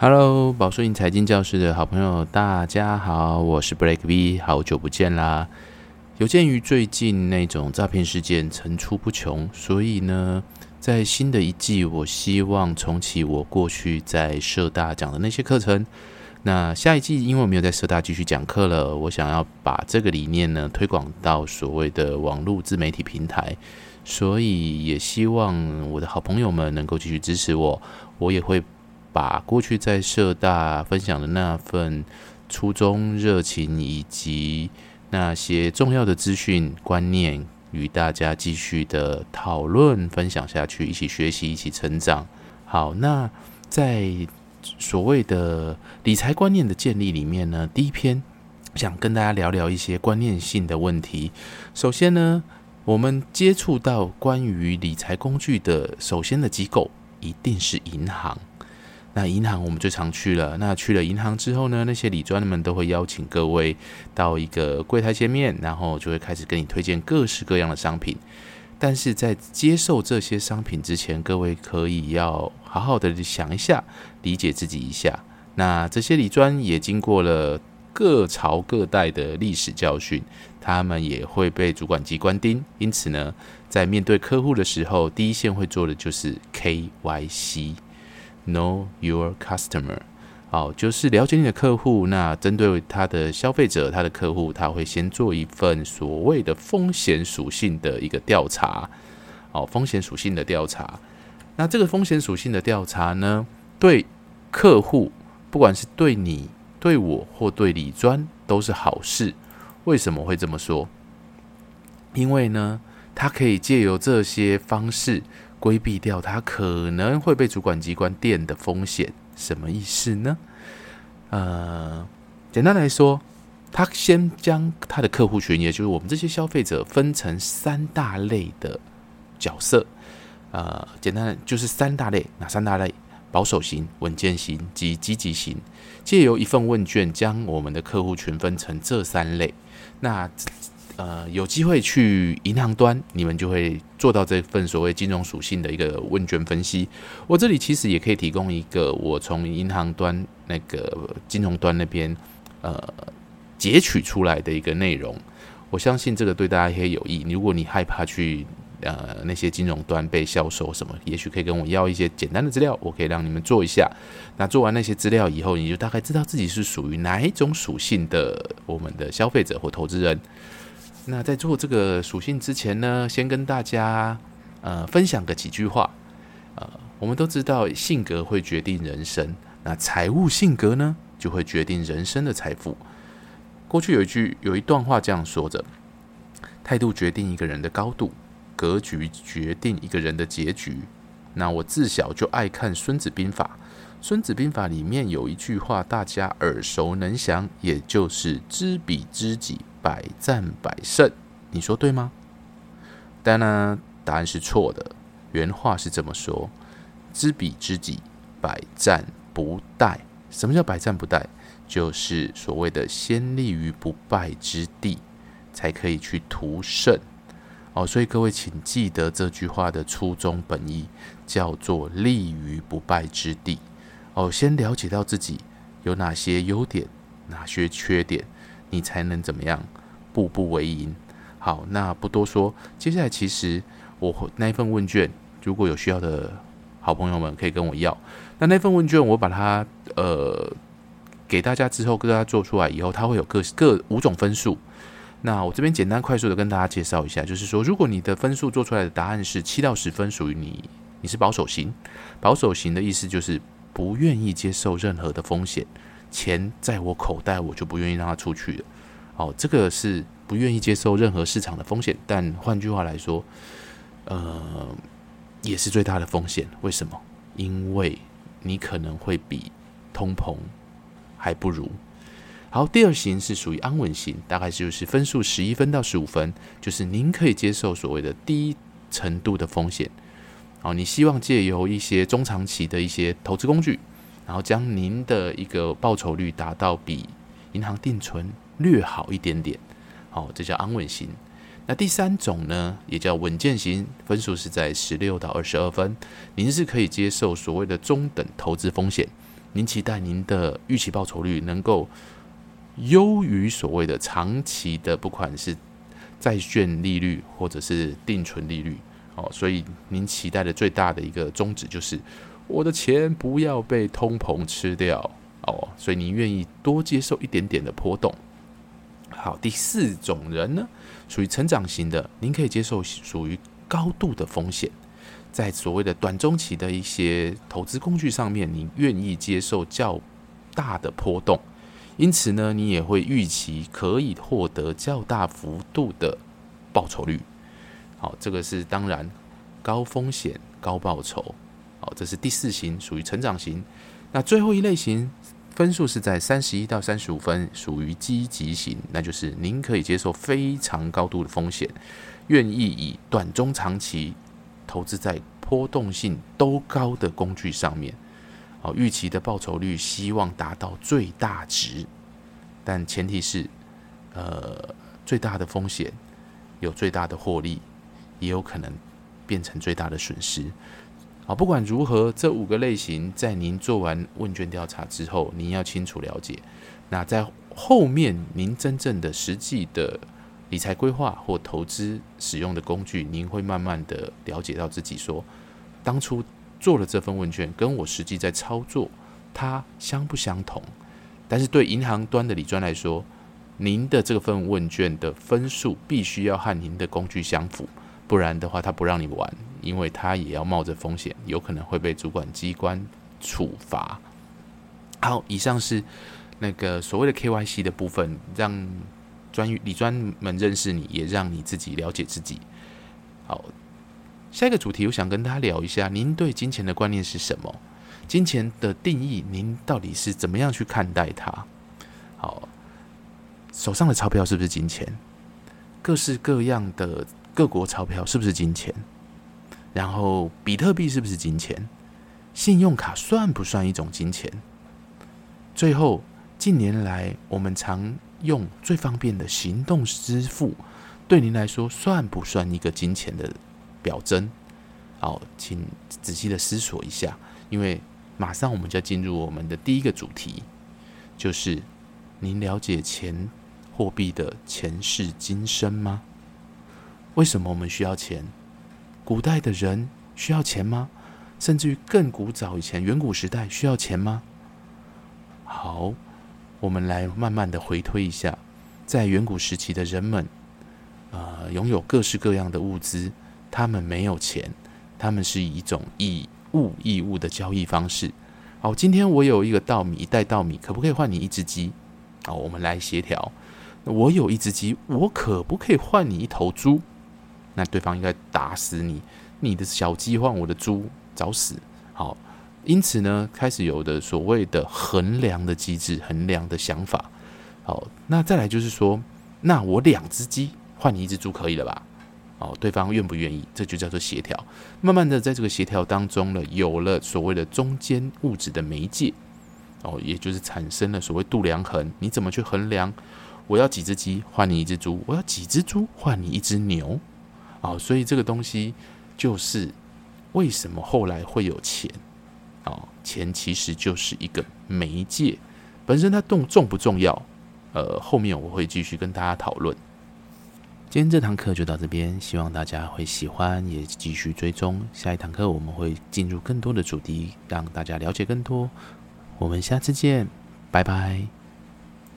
Hello，財經教室的好朋友，大家好，我是 Black V，好久不見啦。有鑑於最近那種詐騙事件層出不窮，所以呢，在新的一季，我希望重啟我過去在社大講的那些課程。那下一季，因為我沒有在社大繼續講課了，我想要把這個理念呢推廣到所謂的網絡自媒體平台，所以也希望我的好朋友們能夠繼續支持我，我也會。把過去在社大分享的那份初衷、熱情以及那些重要的資訊、觀念，與大家繼續的討論、分享下去，一起學習、一起成長。好，那在所謂的理財觀念的建立裡面呢，第一篇想跟大家聊聊一些觀念性的問題。首先呢，我們接觸到關於理財工具的，首先的機構一定是銀行。那銀行我們最常去了。那去了銀行之後呢，那些理專的們都會邀請各位到一個櫃檯前面，然後就會開始跟你推薦各式各樣的商品。但是在接受這些商品之前，各位可以要好好的想一下，理解自己一下。那這些理專也經過了各朝各代的歷史教訓，他們也會被主管機關盯。因此呢，在面對客戶的時候，第一線會做的就是 KYC。Know your customer，哦，就是了解你的客戶。那針對他的消費者、他的客戶，他會先做一份所謂的風險屬性的一個調查，哦，風險屬性的調查。那這個風險屬性的調查呢，對客戶，不管是對你、對我或對理專，都是好事。為什麼會這麼說？因為呢，他可以借由這些方式。規避掉他可能會被主管機關電的風險，什麼意思呢？呃，簡單來說，他先將他的客戶群，也就是我們這些消費者，分成三大類的角色。呃，簡單就是三大類，哪三大類？保守型、穩健型及積極型。借由一份問卷，將我們的客戶群分成這三類。那呃，有機會去銀行端，你們就會做到這份所謂金融屬性的一個問卷分析。我這裡其實也可以提供一個我從銀行端那個金融端那邊呃截取出來的一個內容。我相信這個對大家也有益。如果你害怕去呃那些金融端被銷售什麼，也許可以跟我要一些簡單的資料，我可以讓你們做一下。那做完那些資料以後，你就大概知道自己是屬於哪一種屬性的我們的消費者或投資人。那在做這個屬性之前呢，先跟大家呃分享個幾句話，呃，我們都知道性格會決定人生，那財務性格呢就會決定人生的財富。過去有一句有一段話這樣說着：態度決定一個人的高度，格局決定一個人的結局。那我自小就愛看《孫子兵法》。孫子兵法裡面有一句話，大家耳熟能詳，也就是“知彼知己，百戰百勝”。你說對嗎？但呢、啊，答案是錯的。原話是這麼說：“知彼知己，百戰不殆。”什麼叫“百戰不殆”？就是所謂的先立於不敗之地，才可以去圖勝。哦，所以各位請記得這句話的初衷本意，叫做“立於不敗之地”。哦，先了解到自己有哪些優點，哪些缺點，你才能怎麼樣步步為營。好，那不多說，接下來其實我那一份問卷，如果有需要的好朋友們可以跟我要。那那份問卷我把它呃給大家之後，跟大家做出來以後，它會有各各五種分數。那我這邊簡單快速的跟大家介紹一下，就是說，如果你的分數做出來的答案是七到十分，屬於你你是保守型。保守型的意思就是。不願意接受任何的風險，錢在我口袋，我就不願意讓它出去了。哦，這個是不願意接受任何市場的風險，但換句話來說，呃，也是最大的風險。為什麼？因為你可能會比通膨還不如。好，第二型是屬於安穩型，大概就是分數十一分到十五分，就是您可以接受所謂的低程度的風險。哦，你希望借由一些中長期的一些投資工具，然後將您的一個報酬率達到比銀行定存略好一點點，好、哦，這叫安穩型。那第三種呢，也叫穩健型，分數是在十六到二十二分，您是可以接受所謂的中等投資風險，您期待您的預期報酬率能夠優於所謂的長期的，不管是債券利率或者是定存利率。哦，所以您期待的最大的一個宗旨就是我的錢不要被通膨吃掉。哦，所以您願意多接受一點點的波動。好，第四種人呢，屬於成長型的，您可以接受屬於高度的風險，在所謂的短中期的一些投資工具上面，您願意接受較大的波動，因此呢，你也會預期可以獲得較大幅度的報酬率。好，這個是當然高風險高報酬。好，這是第四型，屬於成長型。那最後一類型分數是在三十一到三十五分，屬於積極型，那就是您可以接受非常高度的風險，願意以短中長期投資在波動性都高的工具上面。好，預期的報酬率希望達到最大值，但前提是呃最大的風險有最大的獲利。也有可能變成最大的損失。好，不管如何，這五個類型在您做完問卷調查之後，您要清楚了解。那在後面，您真正的實際的理財規劃或投資使用的工具，您會慢慢的了解到自己說，當初做了這份問卷，跟我實際在操作它相不相同。但是對銀行端的理專來說，您的這份問卷的分數必須要和您的工具相符。不然的話，他不讓你玩，因為他也要冒着風險，有可能會被主管機關處罰。好，以上是那個所謂的 KYC 的部分，讓專你專門認識你，也讓你自己了解自己。好，下一個主題，我想跟大家聊一下，您對金錢的觀念是什麼？金錢的定義，您到底是怎麼樣去看待它？好，手上的鈔票是不是金錢？各式各樣的。各國鈔票是不是金錢？然後比特幣是不是金錢？信用卡算不算一種金錢？最後，近年來我們常用最方便的行動支付，對您來說算不算一個金錢的表徵？好，請仔細的思索一下，因為馬上我們就要進入我們的第一個主題，就是您了解錢貨幣的前世今生嗎？為什麼我們需要錢？古代的人需要錢嗎？甚至於更古早以前，遠古時代需要錢嗎？好，我們來慢慢的回推一下，在遠古時期的人們，啊、呃，擁有各式各樣的物資，他們沒有錢，他們是以一種以物易物的交易方式。好，今天我有一個稻米，一袋稻米，可不可以換你一隻雞？好，我們來協調。我有一隻雞，我可不可以換你一頭豬？那對方應該打死你！你的小雞換我的豬，找死。好，因此呢，開始有的所謂的衡量的機制、衡量的想法。好，那再來就是說，那我兩隻雞換你一隻豬可以了吧？哦，對方願不願意？這就叫做協調。慢慢的，在這個協調當中呢，有了所謂的中間物質的媒介。哦，也就是產生了所謂度量衡，你怎麼去衡量？我要幾隻雞換你一隻豬？我要幾隻豬換你一隻牛？哦，所以這個東西就是為什麼後來會有錢哦，錢其實就是一個媒介，本身它重重不重要，呃，後面我會繼續跟大家討論。今天這堂課就到這邊，希望大家會喜歡，也繼續追蹤下一堂課，我們會進入更多的主題，讓大家了解更多。我們下次見，拜拜。